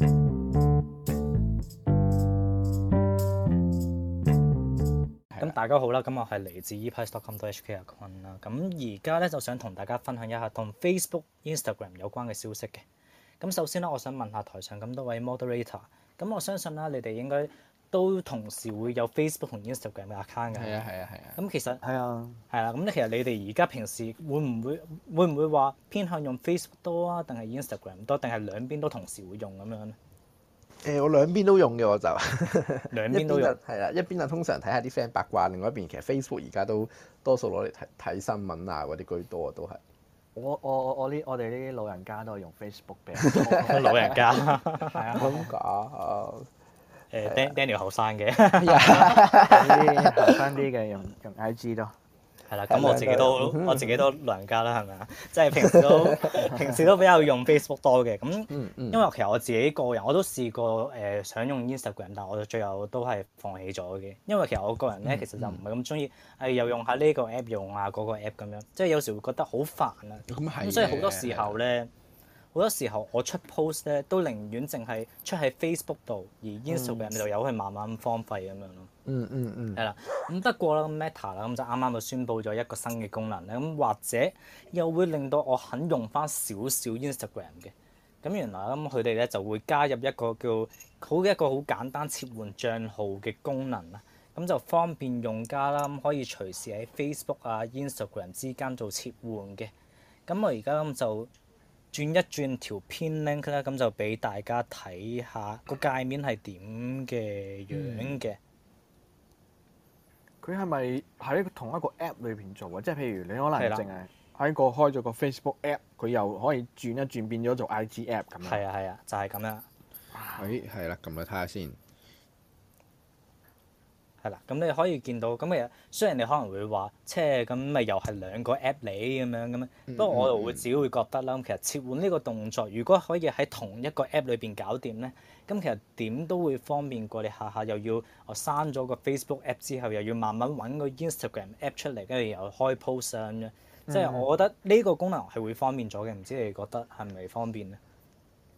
咁 大家好啦，咁我係嚟自 ePrice.com.hk 啊，咁而家咧就想同大家分享一下同 Facebook、Instagram 有關嘅消息嘅。咁首先咧，我想問下台上咁多位 Moderator，咁我相信啦，你哋應該都同時會有 Facebook 同 Instagram 嘅 account 嘅。係啊係啊係啊。咁、啊啊嗯、其實係啊係啊。咁咧、啊、其實你哋而家平時會唔會會唔會話偏向用 Facebook 多啊，定係 Instagram 多，定係兩邊都同時會用咁樣咧？誒， 我兩邊都用嘅我就。 兩邊都用。係啦， 一邊就通常睇下啲 friend 八卦，另外一邊其實 Facebook 而家都多數攞嚟睇睇新聞啊嗰啲居多啊都係。我我我我呢我哋呢啲老人家都係用 Facebook 嘅。老人家。係啊，咁講。 誒 forgetting、uh，Daniel 後生嘅，後生啲嘅用用 IG 多，係啦、嗯，咁我自己都 我自己都老人家啦，係咪啊？即 係平時都 平時都比較用 Facebook 多嘅，咁因為其實我自己個人我都試過誒想用 Instagram，但係我最後都係放棄咗嘅，因為其實我個人咧其實就唔係咁中意係又用下呢個 app 用下、啊、嗰、那個 app 咁樣，即係有時會覺得好煩啊，咁係、嗯嗯，所以好多時候咧。好多時候，我出 post 咧都寧願淨係出喺 Facebook 度，而 Instagram 就由佢慢慢荒廢咁樣咯。嗯嗯嗯，係啦。咁不過啦，Meta 啦咁就啱啱就宣布咗一個新嘅功能咧，咁或者又會令到我肯用翻少少 Instagram 嘅。咁原來咁佢哋咧就會加入一個叫好一個好簡單切換帳號嘅功能啦。咁就方便用家啦，咁可以隨時喺 Facebook 啊、Instagram 之間做切換嘅。咁我而家咁就，轉一轉條片 link 啦，咁就俾大家睇下個界面係點嘅樣嘅。佢係咪喺同一個 app 裏邊做啊？即係譬如你可能淨係喺個開咗個 Facebook app，佢又可以轉一轉變咗做 IG app 咁。係啊係啊，就係、是、咁樣。誒哇，係啦、哎，撳佢睇下先。係啦，咁你可以見到咁其實雖然你可能會話，即係咁咪又係兩個 app 嚟咁樣嘅咩？不過我又會自己會覺得啦，其實切換呢個動作如果可以喺同一個 app 裏邊搞掂咧，咁其實點都會方便過你下下又要我刪咗個 Facebook app 之後又要慢慢搵個 Instagram app 出嚟，跟住又開 post 相咁樣。即係我覺得呢個功能係會方便咗嘅，唔知你覺得係咪方便咧？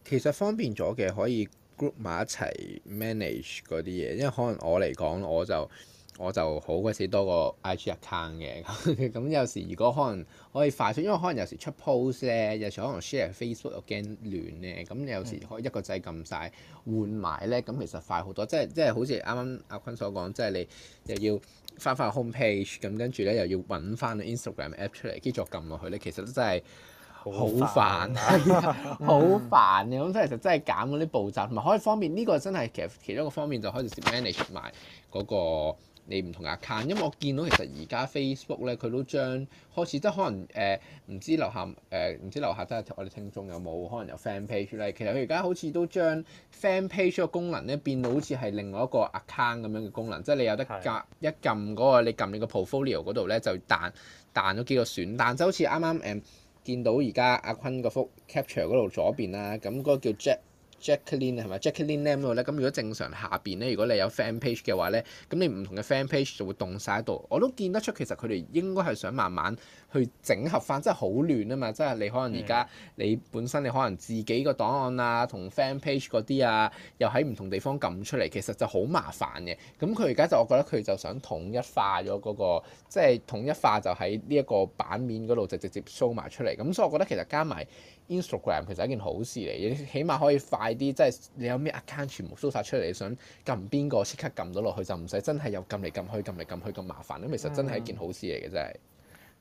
其實方便咗嘅可以。group 埋一齊 manage 嗰啲嘢，因為可能我嚟講，我就我就好鬼死多個 IG account 嘅，咁 有時如果可能可以快速，因為可能有時出 post 咧，有時可能 share Facebook a g 又驚亂咧，咁你有時可以一個掣撳晒換埋咧，咁其實快好多，即係即係好似啱啱阿坤所講，即係你又要翻翻 home page，咁跟住咧又要揾翻 Instagram app 出嚟跟住再撳落去咧，其實都真係。好煩好 煩你咁，所、 嗯、其就真係減嗰啲步驟，同埋可以方便呢、呢個真係其實其中一個方面，就開始 manage 埋嗰個你唔同 account。因為我見到其實而家 Facebook 呢，佢都將開始即係可能誒唔知樓下誒唔知樓下，即、呃、係、呃、我哋聽眾有冇可能有 fan page 咧？其實佢而家好似都將 fan page 嘅功能咧，變到好似係另外一個 account 咁樣嘅功能，即係你有得夾的一撳嗰、嗰個你撳你個 portfolio 嗰度呢，就彈彈咗幾個選單，但就好似啱啱誒。嗯見到而家阿坤個幅 capture 嗰度左邊啦，咁、那、嗰個叫 Jack Jacqueline 係咪？Jacqueline Lam 嗰度咧，咁如果正常下邊咧，如果你有 fan page 嘅話咧，咁你唔同嘅 fan page 就會凍晒喺度。我都見得出，其實佢哋應該係想慢慢。去整合翻真係好亂啊嘛，即係你可能而家的你本身你可能自己個檔案啊，同 fan page 嗰啲啊，又喺唔同地方撳出嚟，其實就好麻煩嘅。咁佢而家就我覺得佢就想統一化咗嗰個，即係統一化就喺呢一個版面嗰度就直接 show 埋出嚟。咁所以我覺得其實加埋 Instagram 其實係一件好事嚟嘅。你起碼可以快啲。即係你有咩 account 全部 show 晒出嚟，你想撳邊個即刻撳到落去，就唔使真係又撳嚟撳去、撳嚟撳去咁麻煩。咁其實真係一件好事嚟嘅，嗯、真係。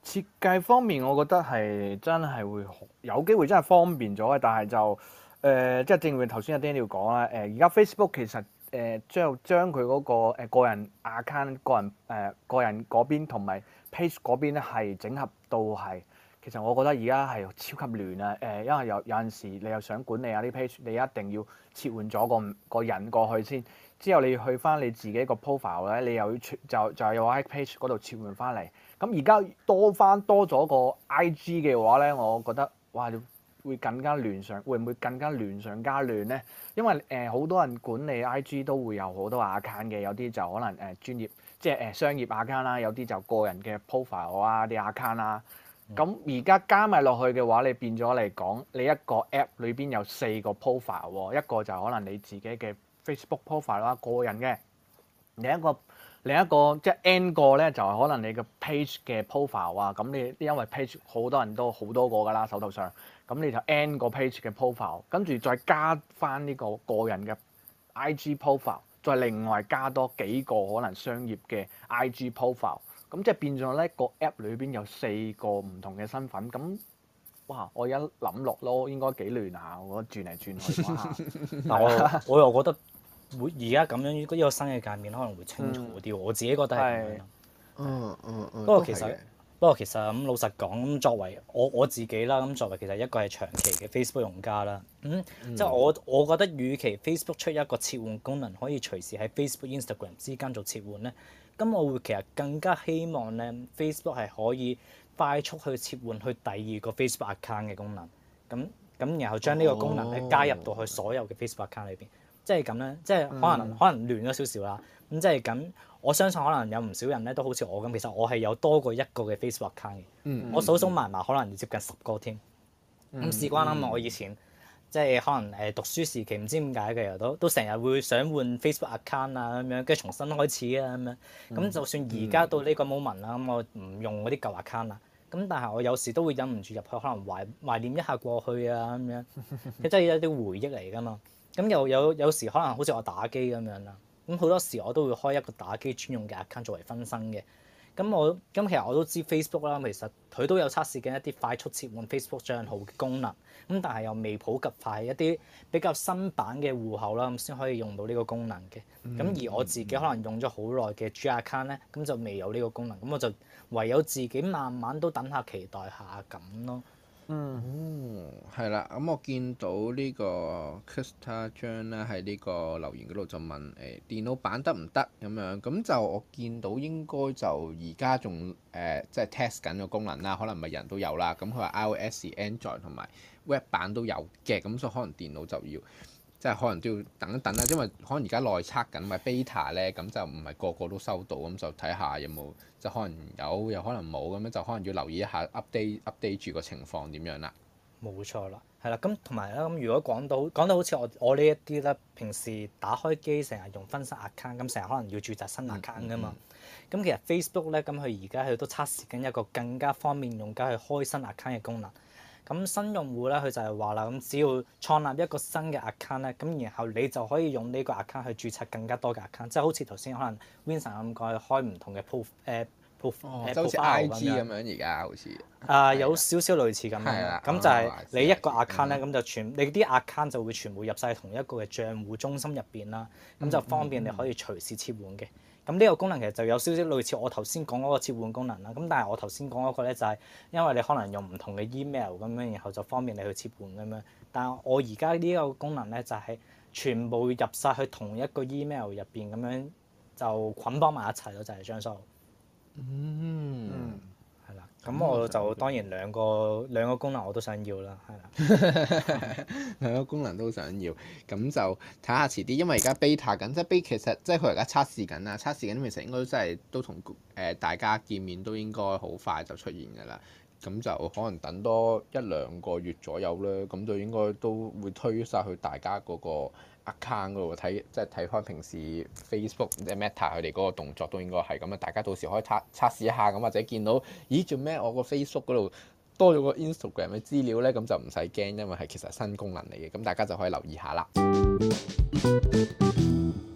設計方面，我覺得係真係會好有機會真係方便咗啊！但係就誒，即、呃、係正如頭先阿 Daniel 講啦。誒、呃，而家 Facebook 其實誒、呃、將將佢嗰個誒個人 account、個人誒、呃、個人嗰邊同埋 Page 嗰邊咧，係整合到係。其實我覺得而家係超級亂啊！誒、呃，因為有有陣時你又想管理下啲 page，你一定要切換咗個個人過去先。之後你要去翻你自己個 profile 咧，你又要就就喺 page 嗰度切換翻嚟。咁而家多翻多咗個 IG 嘅話咧，我覺得哇會更加亂上，會唔會更加亂上加亂咧？因為誒好、呃、多人管理 IG 都會有好多 account 嘅，有啲就可能誒、呃、專業即係誒、呃、商業 account 啦，有啲就個人嘅 profile 啊啲 account 啦。啊啊啊啊咁而家加埋落去嘅話，你變咗嚟講，你一個 app 裏邊有四個 profile 喎，一個就可能你自己嘅 Facebook profile 啦，個人嘅，另一個另一個即係 n 個咧，就係可能你嘅 page 嘅 profile 啊，咁你因為 page 好多人都好多個噶啦，手頭上，咁你就 n 個 page 嘅 profile，跟住再加返呢個個人嘅 IG profile，再另外加多幾個可能商業嘅 IG profile。咁即係變咗咧，個 app 裏邊有四個唔同嘅身份，咁哇，我一諗落咯，應該幾亂啊。我覺得轉嚟轉去。 但我我又覺得會而家咁樣一個新嘅界面可能會清楚啲，嗯、我自己覺得係是是、嗯。嗯嗯嗯。不過其實。不過其實咁老實講，咁作為我我自己啦，咁作為其實一個係長期嘅 Facebook 用家啦，咁、嗯嗯、即係我我覺得，與其 Facebook 出一個切換功能，可以隨時喺 Facebook、Instagram 之間做切換咧，咁我會其實更加希望咧，Facebook 係可以快速去切換去第二個 Facebook account 嘅功能，咁咁然後將呢個功能咧，加入到去所有嘅 Facebook account 裏邊。即係咁咧，即係可能、嗯、可能亂咗少少啦。咁即係咁，我相信可能有唔少人咧都好似我咁。其實我係有多過一個嘅 Facebook account 嘅。嗯、我數數埋埋，嗯、可能接近十個添。咁事關啊嘛，我以前即係可能誒讀書時期，唔知點解嘅，都都成日會想換 Facebook account 啊咁樣，跟住重新開始啊咁樣。咁、嗯、就算而家到呢個 moment 啦，咁我唔用嗰啲舊 account 啦。咁但係我有時都會忍唔住入去，可能懷懷念一下過去啊咁樣，即係有啲回憶嚟㗎嘛。咁又有有時可能好似我打機咁樣啦，咁好多時我都會開一個打機專用嘅 account 作為分身嘅。咁我咁其實我都知 Facebook 啦，其實佢都有測試緊一啲快速切換 Facebook 帳號嘅功能。咁但係又未普及快一啲比較新版嘅戶口啦，咁先可以用到呢個功能嘅。咁而我自己可能用咗好耐嘅 g account 咧，咁就未有呢個功能，咁我就唯有自己慢慢都等下期待下咁咯。嗯，係、嗯、啦，咁、嗯、我見到呢個 Crystal 張咧喺呢個留言嗰度就問誒、欸、電腦版得唔得咁樣？咁就我見到應該就而家仲誒即係 test 緊個功能啦，可能唔係人都有啦。咁佢話 iOS Android 同埋 Web 版都有嘅，咁所以可能電腦就要。即係可能都要等一等啦，因為可能而家內測緊咪 Beta 咧，咁就唔係個個都收到，咁就睇下有冇即係可能有又可能冇，咁樣就可能要留意一下 update update 住個情況點樣啦。冇錯啦，係啦，咁同埋咧，咁如果講到講到好似我我呢一啲咧，平時打開機成日用分身 account，咁成日可能要註冊新 account 噶嘛，咁、嗯嗯嗯、其實 Facebook 咧，咁佢而家佢都測試緊一個更加方便用家去開新 account 嘅功能。咁新用戶咧，佢就係話啦，咁只要創立一個新嘅 account 咧，咁然後你就可以用呢個 account 去註冊更加多嘅 account，即係好似頭先可能 Vincent 暗蓋開唔同嘅鋪、呃，誒鋪似 i 房咁樣，而家好似啊的有少少類似咁樣，咁的就係你一個 account 咧，咁的就全、嗯、你啲 account 就會全部入曬同一個嘅帳戶中心入邊啦，咁就方便你可以隨時切換嘅。嗯嗯。咁呢個功能其實就有少少類似我頭先講嗰個切換功能啦。咁但係我頭先講嗰個咧就係因為你可能用唔同嘅 email 咁樣，然後就方便你去切換咁樣。但係我而家呢個功能咧就係全部入晒去同一個 email 入邊咁樣，就捆綁埋一齊咯，就係將收。嗯。嗯咁我就、嗯、當然兩個、嗯、兩個功能我都想要啦，係啦， 兩個功能都想要，咁就睇下遲啲，因為而家 Beta 緊，即係 Beta 其實即係佢而家測試緊啦，測試緊其實應該真係都同誒、呃、大家見面都應該好快就出現㗎啦，咁就可能等多一兩個月左右啦，咁就應該都會推晒去大家嗰、嗰個。account 嘅喎睇即係睇返平時 Facebook 即係 Meta 佢哋嗰個動作都應該係咁啊！大家到時可以測測試一下咁，或者見到咦做咩我個 Facebook 嗰度多咗個 Instagram 嘅資料呢，咁就唔使驚，因為係其實新功能嚟嘅，咁大家就可以留意下啦。